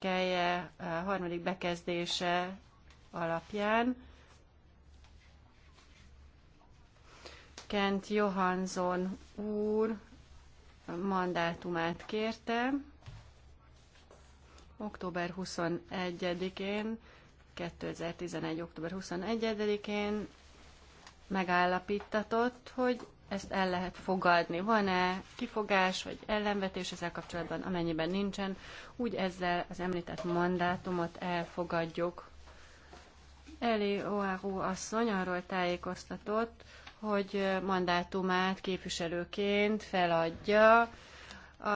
cikkelje eh, harmadik bekezdése alapján Kent Johansson úr mandátumát kérte október 21-én, 2011. október 21-én megállapítatott, hogy ezt el lehet fogadni. Van-e kifogás vagy ellenvetés ezzel kapcsolatban, amennyiben nincsen, úgy ezzel az említett mandátumot elfogadjuk. Eli Oáru asszony arról tájékoztatott, hogy mandátumát képviselőként feladja